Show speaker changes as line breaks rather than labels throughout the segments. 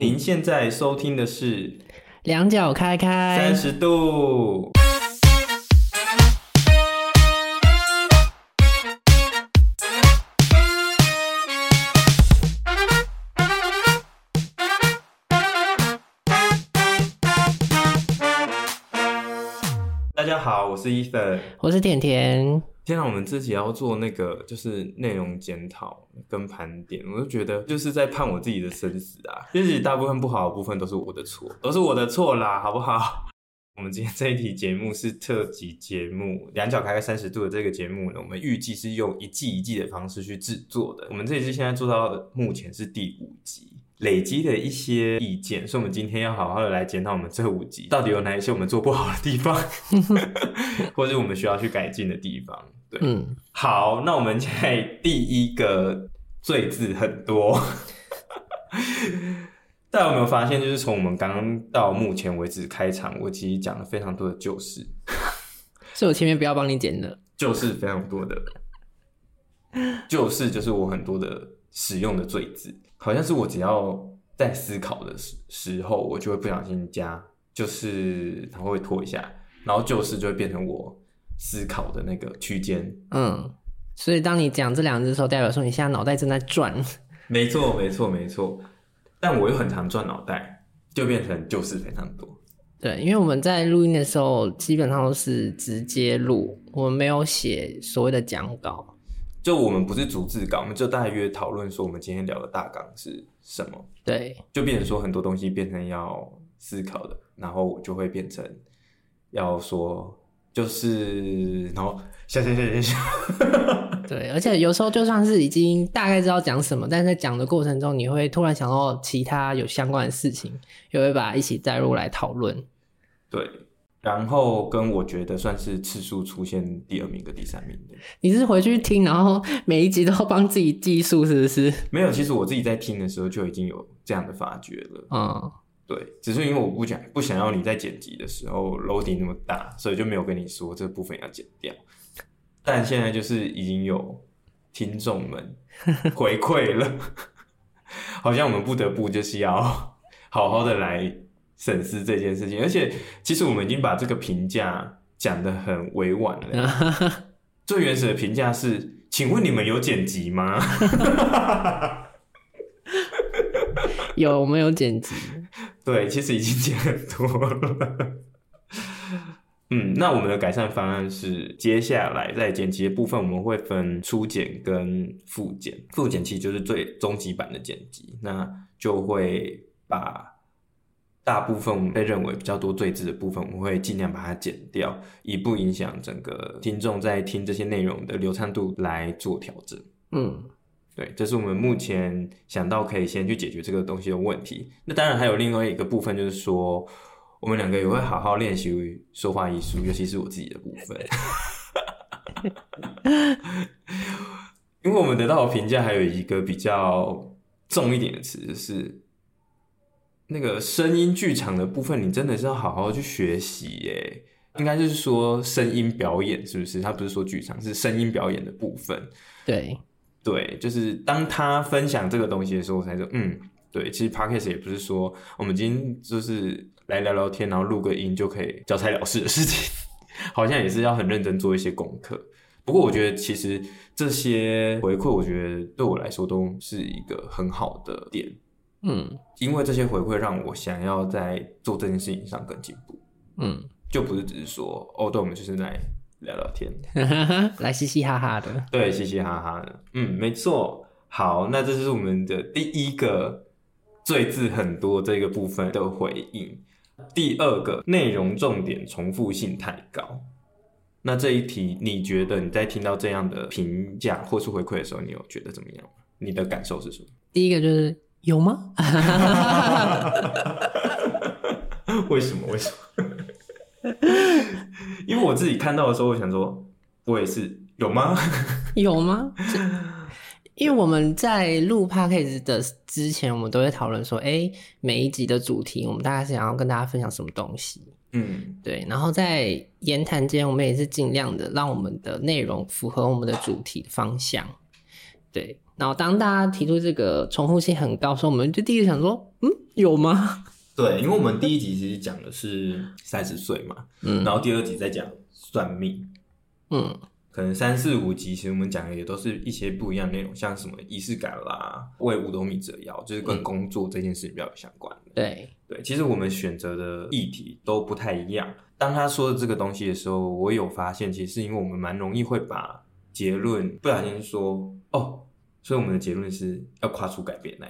您現在收聽的是
《兩腳開開三十度》。
大家好，我是伊芬，
我是甜甜。
現在我們自己要做那個，就是內容檢討跟盤點，我就覺得就是在判我自己的生死啊！其實大部分不好的部分都是我的錯，都是我的錯啦，好不好？我們今天這一期節目是特輯節目，《兩腳開開三十度》的這個節目呢，我們預計是用一季一季的方式去制作的。我們這一期現在做到的目前是第五集，累積的一些意見，所以我們今天要好好的來檢討我們這五集到底有哪一些我們做不好的地方， 或者是我們需要去改進的地方。對嗯，好，那我們現在第一個“贅”字很多，大 家有沒有發現？就是從我們剛剛到目前為止開場，我其實講了非常多的就是，
是我前面不要幫你剪的就
是，就是非常多的就
是，
就是、就是我很多的使用的“贅”字，好像是我只要在思考的時時候，我就會不小心加，就是它會拖一下，然後就是就會變成我。思考的那個區間，
嗯，所以當你講這兩句的時候，代表說你現在腦袋正在轉。
沒錯，沒錯，沒錯。但我又很常轉腦袋，就變成就是非常多。
對，因為我們在錄音的時候基本上都是直接錄，我們沒有寫所謂的講稿。
就我們不是逐字稿，我們就大約討論說我們今天聊的大綱是什麼。
對，就變成說
很多東西變成要思考的，然後我就會變成要說。就是，然後下下下下下
對，而且有時候就算是已經大概知道講什麼，但在講的過程中，你會突然想到其他有相關的事情，也會把它一起帶入來討論。
嗯。對，然後跟我覺得算是次數出現第二名跟第三名的。
你是回去聽，然後每一
集都幫自己計數，是不是？嗯。沒有，其實我自己在聽的時候就已經有這樣的發覺了。嗯。對，只是因為我不想不想要你在剪輯的時候 loading 那麼大，所以就沒有跟你說這部分要剪掉。但現在就是已經有聽眾們回饋了， 好像我們不得不就是要好好的來審視這件事情。而且其實我們已經把這個評價講得很委婉了。 最原始的評價是：請問你們有剪輯嗎？
有，我們有剪輯。對，其實已經剪很多了。 嗯，
那我們的改善方案是，接下來在剪輯的部分，我們會分初剪跟復剪。復剪其實就是最終極版的剪輯，那就會把大部分被認為比較多贅字的部分，我們會盡量把它剪掉，以不影響整個聽眾在聽這些內容的流暢度來做調整。嗯。對，這是我們目前想到可以先去解決這個東西的問題。那當然還有另外一個部分，就是說我們兩個也會好好練習說話藝術，尤其是我自己的部分，
因
為我們得到的評價還有一個比較重一點的詞，就是，那個聲音劇場的部分，你真的是要好好去學習耶。應該就是說聲音表演，是不是？他不是說劇場，是聲音表演的部分。對。對，就是當他分享這個東西的時候，我才說，嗯，對，其實 podcast 也不是說我們今天就是來聊聊天，然後錄個音就可以交差了事的事情，好像也是要很認真做一些功課。不過，我覺得其實這些回饋，我覺得對我來說都是一個很好的點，嗯，因為這些回饋讓我想要在做這件事情上更進步，嗯，就不是只是說，哦，對，我們就是來。聊聊天，
來嘻嘻哈哈的，
對，嘻嘻哈哈的，嗯，沒錯。好，那這是我們的第一個，贅字很多這個部分的回應。第二個，內容重點重複性太高。那這一題，你覺得你在聽到這樣的評價或是回饋的時候，你有覺得怎麼樣？你的感受是什麼？
第一個就是有嗎？
為什麼？為什麼？ 因為我自己看到的時候，我想說，我也是有嗎？
有嗎？因為我們在錄 podcast 的之前，我們都會討論說，哎、欸，每一集的主題，我們大概是想要跟大家分享什麼東西。嗯，對。然後在言談間，我們也是盡量的讓我們的內容符合我們的主題的方向。對。然後當大家提出這個重複性很高的時候，我們就第一個想說，嗯，有嗎？對，因為我們
第一集其實講的是三十歲嘛，嗯，然後第二集再講算命，嗯，可能三四五集其實我們講的也都是一些不一樣內容，像什麼儀式感啦、啊，為五斗米折腰，就是跟工作這件事情比較有相關、嗯、
對對，其實我們
選擇的議題都不太一樣。當他說的這個東西的時候，我有發現，其實是因為我們蠻容易會把結論不小心說哦，所以我們的結論是要跨出改變來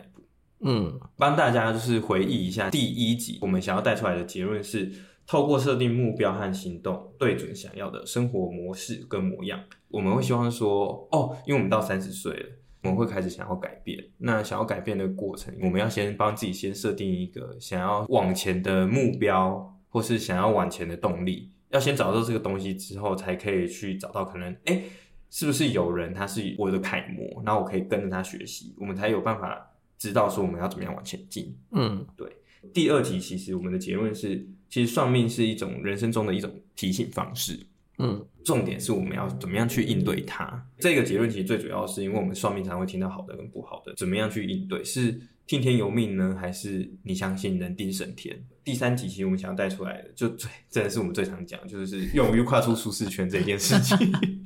嗯，幫大家就是回憶一下第一集，我們想要帶出來的結論是：透過設定目標和行動，對準想要的生活模式跟模樣。我們會希望說，哦，因為我們到三十歲了，我們會開始想要改變。那想要改變的過程，我們要先幫自己先設定一個想要往前的目標，或是想要往前的動力。要先找到這個東西之後，才可以去找到可能，欸，是不是有人他是我的楷模，然後我可以跟着他學習，我們才有辦法。知道說我們要怎麼樣往前進，嗯，對。第二集其實我們的結論是，其實算命是一種人生中的一種提醒方
式，
嗯，重點是我們要怎麼樣去應對它。這個結論其實最主要是因為我們算命，才會聽到好的跟不好的，怎麼樣去應對，是聽天由命呢，還是你相信人定勝天？第三集其實我們想要帶出來的，就最真的是我們最常講，就是勇於跨出舒適圈這件事情。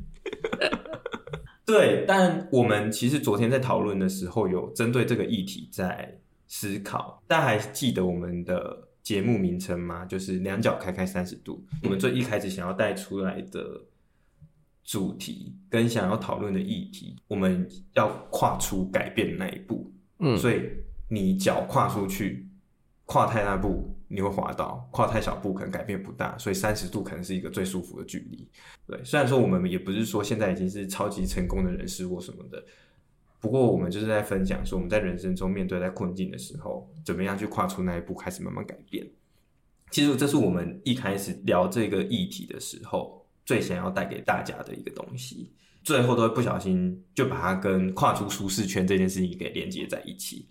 對，但我們其實昨天在討論的時候，有針對這個議題在思考。大家還記得我們的節目名稱嗎？就是兩腳開開三十度。我們最一開始想要帶出來的主題跟想要討論的議題，我們要跨出改變那一步。嗯，所以你腳跨出去，跨太大步。你會滑倒，跨太小步，可能改變不大，所以三十度可能是一個最舒服的距離。對，雖然說我們也不是說現在已經是超級成功的人士或什麼的，不過我們就是在分享說我們在人生中面對在困境的時候，怎麼樣去跨出那一步，開始慢慢改變。其實這是我們一開始聊這個議題的時候最想要帶給大家的一個東西，最後都會不小心就把它跟跨出舒適圈這件事情給連接在一起。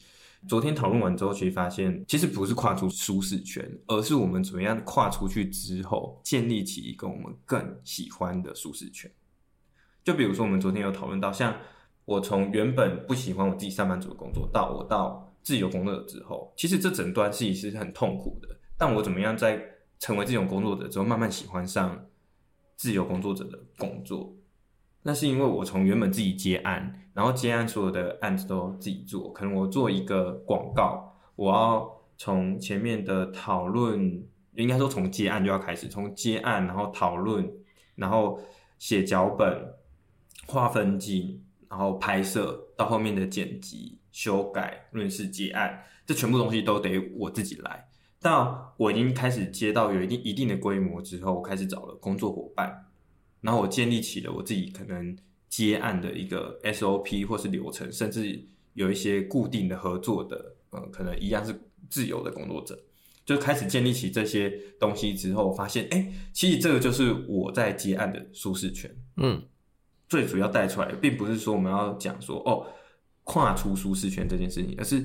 昨天討論完之後，其實發現其實不是跨出舒適圈，而是我們怎麼樣跨出去之後，建立起一個我們更喜歡的舒適圈。就比如說，我們昨天有討論到，像我從原本不喜歡我自己上班族的工作，到我到自由工作者之後，其實這整段自己是很痛苦的。但我怎麼樣在成為這種工作者之後，慢慢喜歡上自由工作者的工作。那是因為我從原本自己接案，然後接案所有的案子，都自己做。可能我做一個廣告，我要從前面的討論，應該說從接案就要開始，從接案然後討論，然後寫腳本、劃分鏡，然後拍攝到後面的剪輯、修改、潤飾、結案，這全部東西都得我自己來。但我已經開始接到有一定一定的規模之後，我開始找了工作夥伴。然後我建立起了我自己可能接案的一個 SOP 或是流程，甚至有一些固定的合作的，呃，可能一樣是自由的工作者，就開始建立起這些東西之後，發現哎、欸，其實這個就是我在接案的舒適圈。嗯，最主要帶出來的，並不是說我們要講說哦，跨出舒適圈這件事情，而是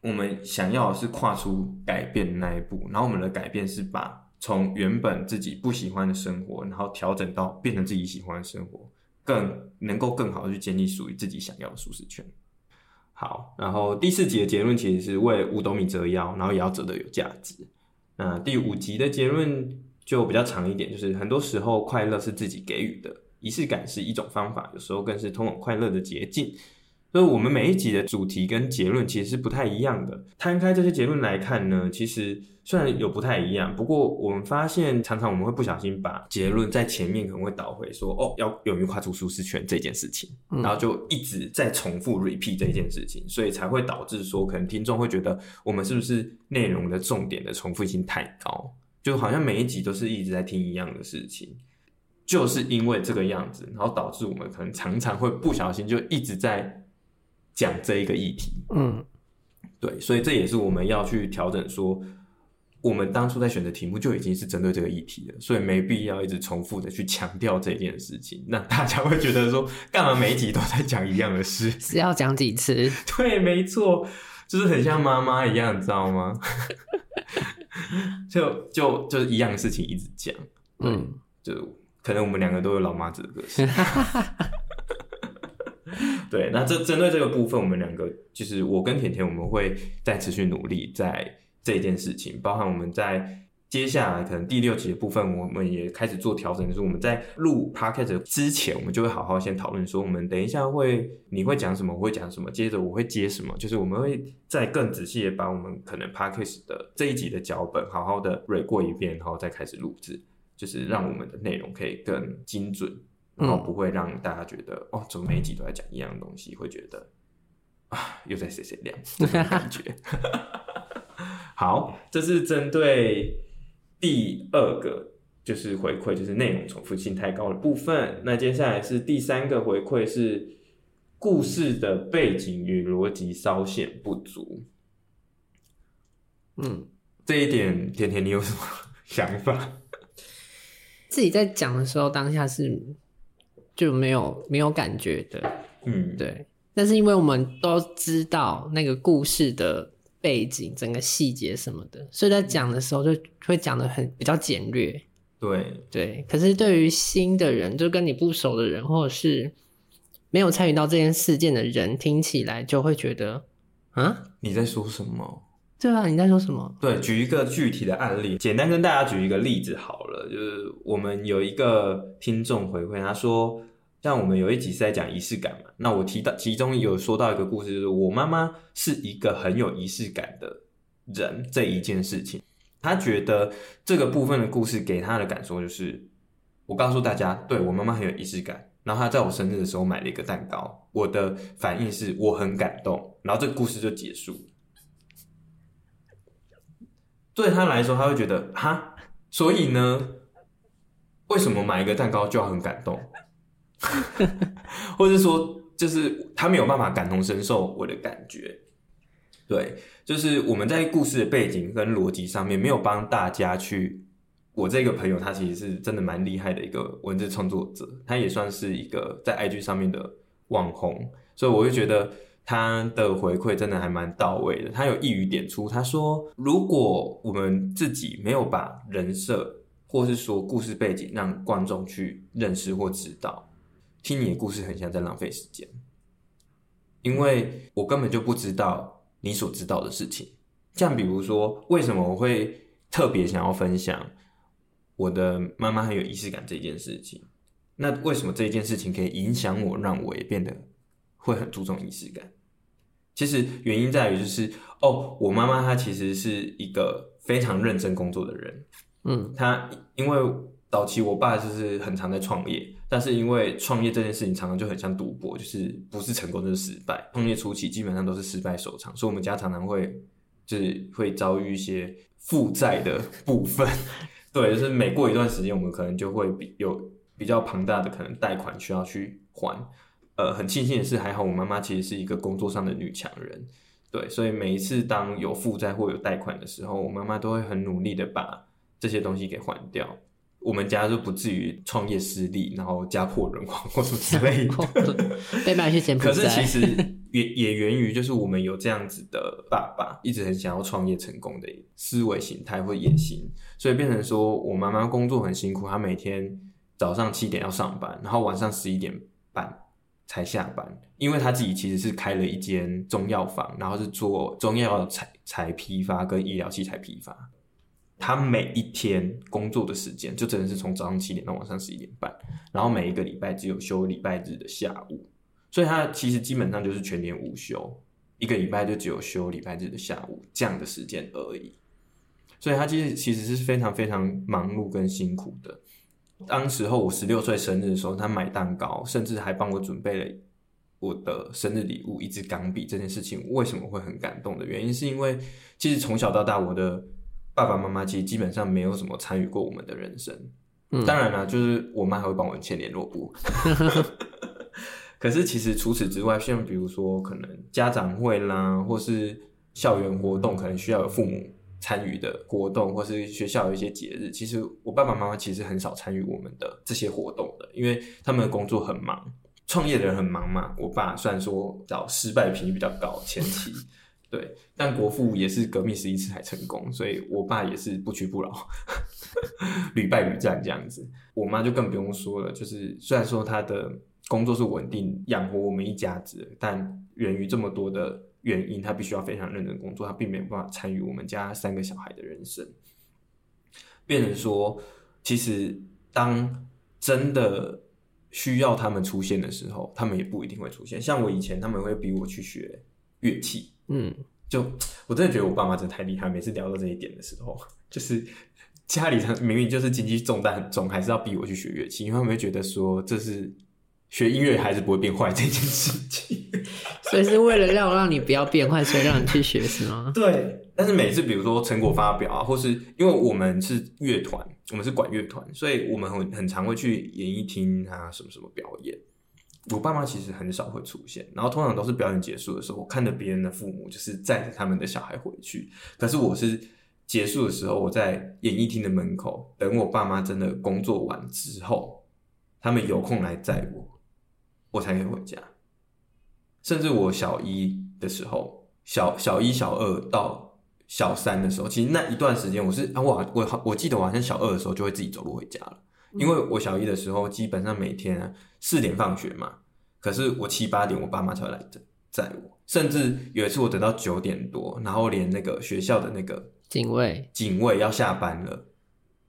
我們想要的是跨出改變的那一步。然後我們的改變是把。從原本自己不喜歡的生活，然後調整到變成自己喜歡的生活，更能夠更好的去建立屬於自己想要的舒適圈。好，然後第四集的結論其實是為五斗米折腰，然後也要折得有價值。那第五集的結論就比較長一點，就是很多時候快樂是自己給予的，儀式感是一種方法，有時候更是通往快樂的捷徑。所以，我們每一集的主題跟結論其實是不太一樣的。攤開這些結論來看呢，其實雖然有不太一樣，不過我們發現常常我們會不小心把結論在前面可能會導回說：“哦，要勇於跨出舒適圈”這件事情，然後就一直在重複 repeat 這件事情，所以才會導致說，可能聽眾會覺得我們是不是內容的重點的重複性太高，就好像每一集都是一直在聽一樣的事情，就是因為這個樣子，然後導致我們可能常常會不小心就一直在。講這一個議題，嗯，對，所以這也是我們要去調整說，說我們當初在選的題目就已經是針對這個議題了，所以沒必要一直重複的去強調這件事情，那大家會覺得說 幹嘛每一集都在講一樣的事， 是
要講幾次？對，沒錯，
就是很像媽媽一樣，你知道嗎？ 就就就是一樣的事情一直講，
嗯，
就可能我們兩個都有老媽子的個性。 對，那這針對這個部分，我們兩個就是我跟甜甜，我們會再持續努力在這件事情，包含我們在接下來可能第六集的部分，我們也開始做調整，就是我們在錄 podcast 之前，我們就會好好先討論說，說我們等一下會你會講什麼，我會講什麼，接着我會接什麼，就是我們會再更仔細的把我們可能 podcast 的這一集的腳本好好的 read 過一遍，然後再開始錄制，就是讓我們的內容可以更精準。然後不會讓大家覺得、嗯、哦，怎麼每一集都在講一樣東西？會覺得啊，又在碎碎念？
感覺
好，這是針對第二個，就是回饋，就是內容重複性太高的部分。那接下來是第三個回饋，是故事的背景與邏輯稍顯不足。嗯，這一點，甜甜，你有什麼想法？
自己在講的時候，當下是。就沒有沒有感覺的，嗯，對。但是因為我們都知道那個故事的背景、整個細節什麼的，所以在講的時候就會講得很比較簡略。
對對。
可是對於新的人，就跟你不熟的人，或者是沒有參與到這件事件的人，聽起來就會覺得
啊，你在說什麼？
對啊，你在說什麼？
對，舉一個具體的案例，簡單跟大家舉一個例子好了。就是我們有一個聽眾回饋，他說，像我們有一集是在講儀式感嘛，那我提到其中有說到一個故事，就是我媽媽是一個很有儀式感的人，這一件事情，他覺得這個部分的故事給他的感受就是，我告訴大家，對我媽媽很有儀式感，然後他在我生日的時候買了一個蛋糕，我的反應是我很感動，然後這個故事就結束。對他來說，他會覺得哈，所以呢，為什麼買一個蛋糕就要很感動？ 或者說，就是他沒有辦法感同身受我的感覺。對，就是我們在故事的背景跟邏輯上面沒有幫大家去。我這個朋友他其實是真的蠻厲害的一個文字創作者，他也算是一個在 IG 上面的網紅，所以我會覺得。他的回饋真的還蠻到位的。他有一語點出，他說：“如果我們自己沒有把人設或是說故事背景讓觀眾去認識或知道，聽你的故事很像在浪費時間，因為我根本就不知道你所知道的事情。”像比如說，為什麼我會特別想要分享我的媽媽很有儀式感這件事情？那為什麼這一件事情可以影響我，讓我也變得？會很注重儀式感。其實原因在於，就是哦，我媽媽她其實是一個非常認真工作的人。嗯，她因為早期我爸就是很常在創業，但是因為創業這件事情常常就很像賭博，就是不是成功就是失敗。創業初期基本上都是失敗收場，所以我們家常常會就是會遭遇一些負債的部分。 對，就是每過一段時間，我們可能就會比有比較龐大的可能貸款需要去還。呃，很慶幸的是，還好我媽媽其實是一個工作上的女強人，對，所以每一次當有負債或有貸款的時候，我媽媽都會很努力的把這些東西給還掉，我們家就不至於創業失利，然後家破人亡或什麼之類的。
被賣去柬埔寨。可是其實
也也源於就是我們有這樣子的爸爸， 一直很想要創業成功的思維形態或野心，所以變成說我媽媽工作很辛苦，她每天早上七點要上班，然後晚上十一點半。才下班，因為他自己其實是開了一間中藥房，然後是做中藥材、材批發跟醫療器材批發。他每一天工作的時間就真的是從早上七點到晚上十一點半，然後每一個禮拜只有休禮拜日的下午，所以他其實基本上就是全年無休，一個禮拜就只有休禮拜日的下午這樣的時間而已。所以他其實其實是非常非常忙碌跟辛苦的。當時候我十六歲生日的時候，他買蛋糕，甚至還幫我準備了我的生日禮物一支鋼筆。這件事情我為什麼會很感動的原因，是因為其實從小到大，我的爸爸媽媽其實基本上沒有什麼參與過我們的人生。
嗯、當然
了，就是我媽還會幫我們簽聯絡簿 可是其實除此之外，像比如說可能家長會啦，或是校園活動，可能需要有父母。參與的活動或是學校有一些節日，其實我爸爸媽媽其實很少參與我們的這些活動的，因為他們的工作很忙，創業的人很忙嘛。我爸雖然說找失敗頻率比較高，前期 對，但國父也是革命十一次才成功，所以我爸也是不屈不撓，屢敗屢戰這樣子。我媽就更不用說了，就是雖然說他的工作是穩定養活我們一家子，但源於這麼多的。原因，他必須要非常認真工作，他並沒有辦法參與我們家三個小孩的人生。變成說，其實當真的需要他們出現的時候，他們也不一定會出現。像我以前，他們會逼我去學樂器，
嗯，
就我真的覺得我爸媽真的太厲害。每次聊到這一點的時候，就是家裡明明就是經濟重擔很重，還是要逼我去學樂器，因為他們會覺得說這是。學音樂還是不會變壞這件事
情， 所以是為了讓讓你不要變壞，所以讓你去學，是嗎？ 對。
但是每次比如說成果發表啊，或是因為我們是樂團，我們是管樂團，所以我們很很常會去演藝廳啊，什麼什麼表演。我爸媽其實很少會出現，然後通常都是表演結束的時候，我看着別人的父母就是載着他們的小孩回去。可是我是結束的時候，我在演藝廳的門口等我爸媽，真的工作完之後，他們有空來載我。我才可以回家。甚至我小一的時候，小小一小二到小三的時候，其實那一段時間我是啊，我我我記得我好像小二的時候就會自己走路回家了，嗯、因為我小一的時候基本上每天四、啊、點放學嘛，可是我七八點我爸媽才會來載我，甚至有一次我等到九點多，然後連那個學校的那個警衛警衛要下班了，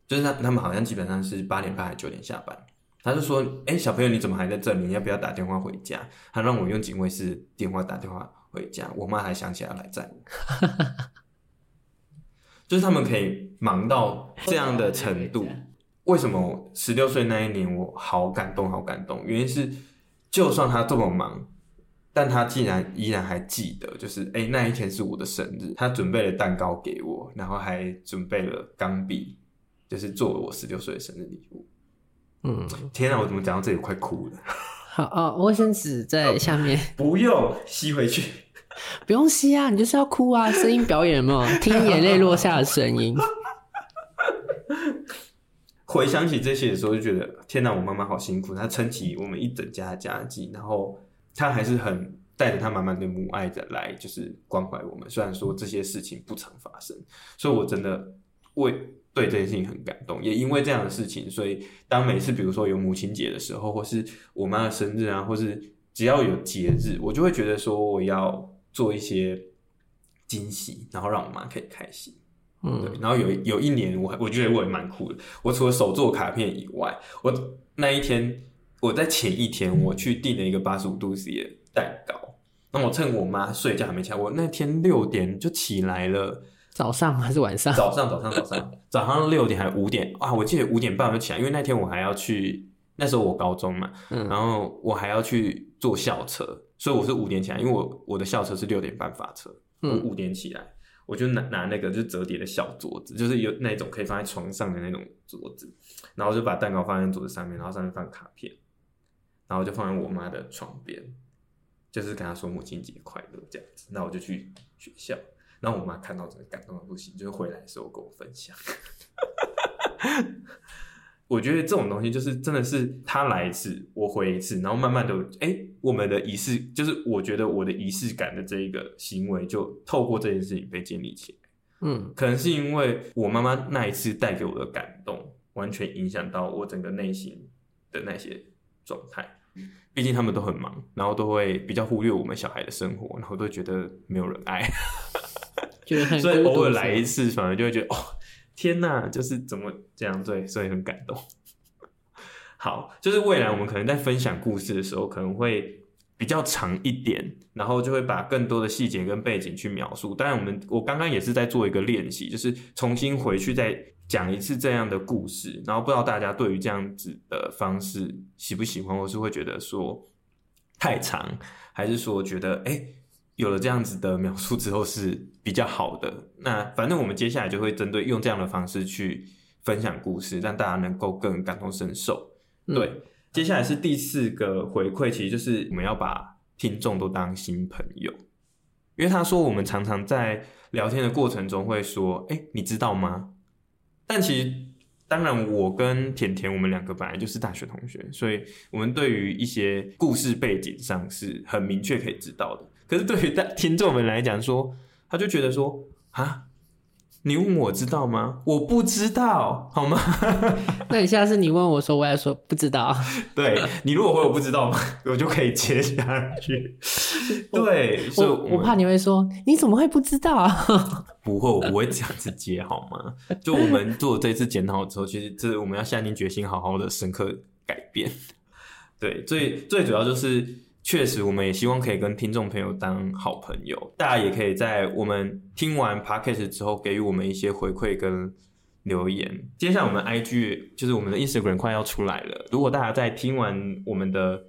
就是他他們好像基本上是八點半還是九點下班。他就說：“欸、小朋友，你怎麼還在這裡？你要不要打電話回家？”他讓我用警衛室電話打電話回家。我媽還想起來來載 就是他們可以忙到這樣的程度。 為什麼十六歲那一年我好感動，好感動？原因是，就算他這麼忙，但他竟然依然還記得，就是、欸、那一天是我的生日，他準備了蛋糕給我，然後還準備了鋼筆，就是做了我十六歲的生日禮物。嗯，天哪、啊，我怎麼講到這裡快哭
了？好啊，衛生紙在下面、哦，不用
吸回去，
不用吸啊，你就是要哭啊，聲音表演嘛，聽眼淚落下的聲音。
回想起這些的時候，就覺得天哪、啊，我媽媽好辛苦，她撐起我們一整家的家計，然後她還是很帶着她滿滿的母愛的來，就是關懷我們。雖然說這些事情不曾發生，嗯、所以我真的為。對這件事情很感動，也因為這樣的事情，所以當每次比如說有母親節的時候，或是我媽的生日啊，或是只要有節日，我就會覺得說我要做一些驚喜，然後讓我媽可以開心。嗯，對。然後有有一年我，我還我覺得我也蠻酷的。我除了手做卡片以外，我那一天我在前一天我去訂了一個八十五度 C 的蛋糕。那我趁我媽睡覺還沒起來，我那天六點就起來了。
早上還是晚上？
早上，早上，早上，早上六點還是五點 啊？我記得五點半就起來，因為那天我還要去，那時候我高中嘛，嗯、然後我還要去坐校車，所以我是五點起來，因為我我的校車是六點半發車，嗯，我五點起來，我就拿拿那個就是折疊的小桌子，就是有那種可以放在床上的那種桌子，然後就把蛋糕放在桌子上面，然後上面放卡片，然後就放在我媽的床邊，就是跟她說母親節快樂這樣子，那我就去學校。讓我媽看到這個感動的不行，就是回來的時候跟我分享。 我覺得這種東西就是真的是他來一次，我回一次，然後慢慢的，哎、欸，我們的儀式就是我覺得我的儀式感的這一個行為，就透過這件事情被建立起來。嗯、可能是因為我媽媽那一次帶給我的感動，完全影響到我整個內心的那些狀態。畢竟他們都很忙，然後都會比較忽略我們小孩的生活，然後都覺得沒有人愛。就所以偶爾來一次，反而就會覺得哦，天吶、啊、就是怎麼這樣？對，所以很感動。好，就是未來我們可能在分享故事的時候，嗯、可能會比較長一點，然後就會把更多的細節跟背景去描述。當然我，我們，我剛剛也是在做一個練習，就是重新回去再講一次這樣的故事。然後不知道大家對於這樣子的方式喜不喜歡，或是會覺得說太長，還是說覺得哎？欸有了這樣子的描述之後是比較好的。那反正我們接下來就會針對用這樣的方式去分享故事，讓大家能夠更感同身受。嗯、對，接下來是第四個回饋，其實就是我們要把聽眾都當新朋友，因為他說我們常常在聊天的過程中會說：“哎、欸，你知道嗎？”但其實。當然，我跟甜甜我們兩個本來就是大學同學，所以我們對於一些故事背景上是很明確可以知道的。可是對於大聽眾們來講說，他就覺得說啊。你問我知道嗎？我不知道，好嗎？
那你下次你問我說，我也說不知道。
對，你如果回我不知道，我就可以接下去。 對，所以我我怕
你會說你怎麼會不知道？
不會，我不會這樣子接，好嗎？ 就我們做這次檢討之後，其實這是我們要下定決心，好好的深刻改變。對，最最主要就是。確實，我們也希望可以跟聽眾朋友當好朋友。大家也可以在我們聽完 podcast 之後，給予我們一些回饋跟留言。接下來，我們 IG 就是我們的 Instagram 快要出來了。如果大家在聽完我們的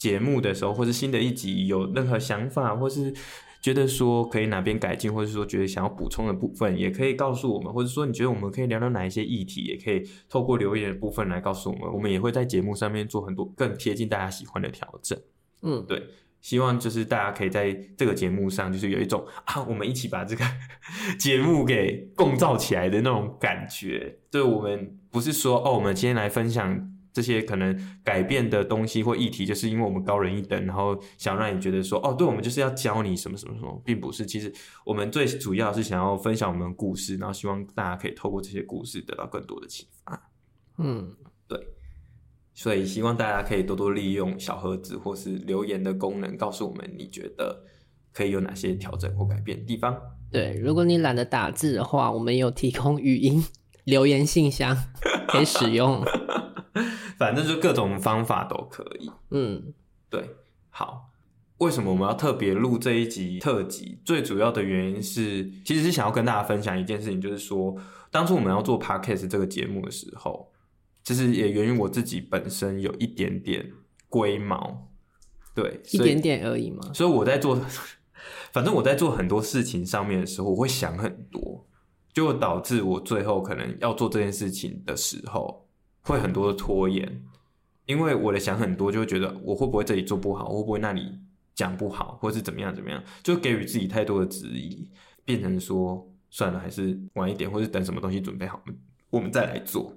節目的時候，或是新的一集有任何想法，或是覺得說可以哪邊改進，或是說覺得想要補充的部分，也可以告訴我們。或者說你覺得我們可以聊聊哪一些議題，也可以透過留言的部分來告訴我們。我們也會在節目上面做很多更貼近大家喜歡的調整。嗯，對，希望就是大家可以在這個節目上，就是有一種啊，我們一起把這個節目給共造起來的那種感覺。對，我們不是說哦，我們今天來分享這些可能改變的東西或議題，就是因為我們高人一等，然後想讓你覺得說哦，對我們就是要教你什麼什麼什麼，並不是。其實我們最主要是想要分享我們的故事，然後希望大家可以透過這些故事得到更多的啟發。嗯，對。所以，希望大家可以多多利用小盒子或是留言的功能，告訴我們你覺得可以有哪些調整或改變的地方。
對，如果你懶得打字的話，我們有提供語音留言信箱可以使用。 反正就各種方法都可以。嗯，
對。好，為什麼我們要特別錄這一集特輯？最主要的原因是，其實是想要跟大家分享一件事情，就是說，當初我們要做 podcast 這個節目的時候。其實也源於我自己本身有一點點龜毛，對，一點
點而已嘛。
所以我在做，反正我在做很多事情上面的時候，我會想很多，就導致我最後可能要做這件事情的時候，會很多的拖延，因為我的想很多，就會覺得我會不會這裡做不好，會不會那裡講不好，或是怎麼樣怎麼樣，就給予自己太多的質疑，變成說算了，還是晚一點，或是等什麼東西準備好，我們再來做。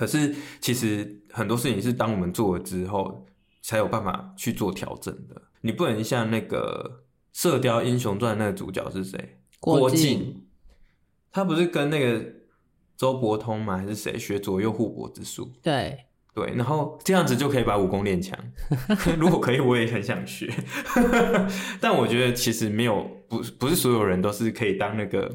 可是，其實很多事情是當我們做了之後，才有辦法去做調整的。你不能像那個《射鵰英雄傳》那個主角是誰？境郭靖，他不是跟那個周伯通嗎？還是誰學左右互搏之術？對對，然後這樣子就可以把武功練強。 如果可以，我也很想學。 但我覺得其實沒有，不不是所有人都是可以當那個。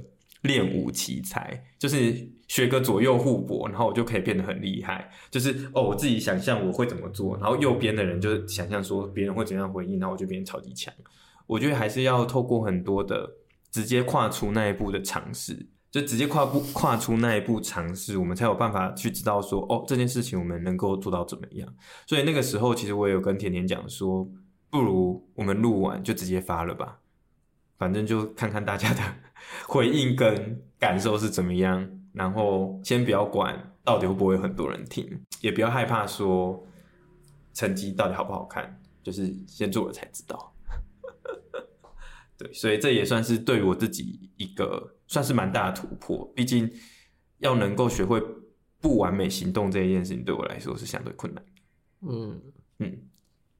練武奇才，就是學個左右互搏，然後我就可以變得很厲害。就是哦，我自己想象我會怎麼做，然後右邊的人就是想象說別人會怎樣回應，然後我就變得超級強。我覺得還是要透過很多的直接跨出那一步的嘗試，就直接跨步跨出那一步嘗試，我們才有辦法去知道說哦，這件事情我們能夠做到怎麼樣。所以那個時候，其實我也有跟甜甜講說，不如我們錄完就直接發了吧。反正就看看大家的回應跟感受是怎麼樣，然後先不要管到底會不會有很多人聽，也不要害怕說成績到底好不好看，就是先做了才知道。 對，所以這也算是對我自己一個算是蠻大的突破，畢竟要能夠學會不完美行動這一件事情對我來說是相對困難。嗯嗯，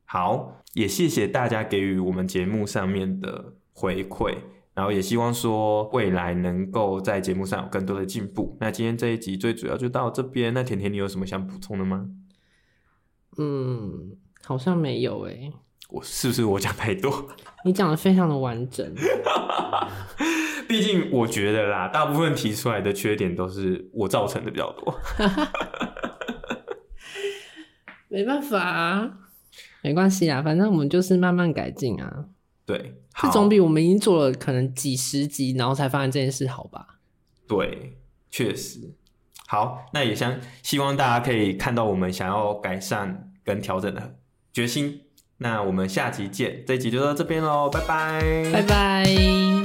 好，也謝謝大家給予我們節目上面的。回饋，然後也希望說未來能夠在節目上有更多的進步。那今天這一集最主要就到這邊。那甜甜，你有什麼想補充的嗎？嗯，
好像沒有誒。
我是不是我講太多？
你講得非常的完整。哈
哈哈哈。畢竟我覺得啦，大部分提出來的缺點都是我造成的比較多。
哈哈哈哈哈哈。沒辦法啊。沒關係啊，反正我們就是慢慢改進啊。對，好，這總比我們已經做了，可能幾十集，然後才發現這件事好吧？
對，確實。好，那也想希望大家可以看到我們想要改善跟調整的決心。那我們下集見，這一集就到這邊囉，拜拜，拜拜。拜拜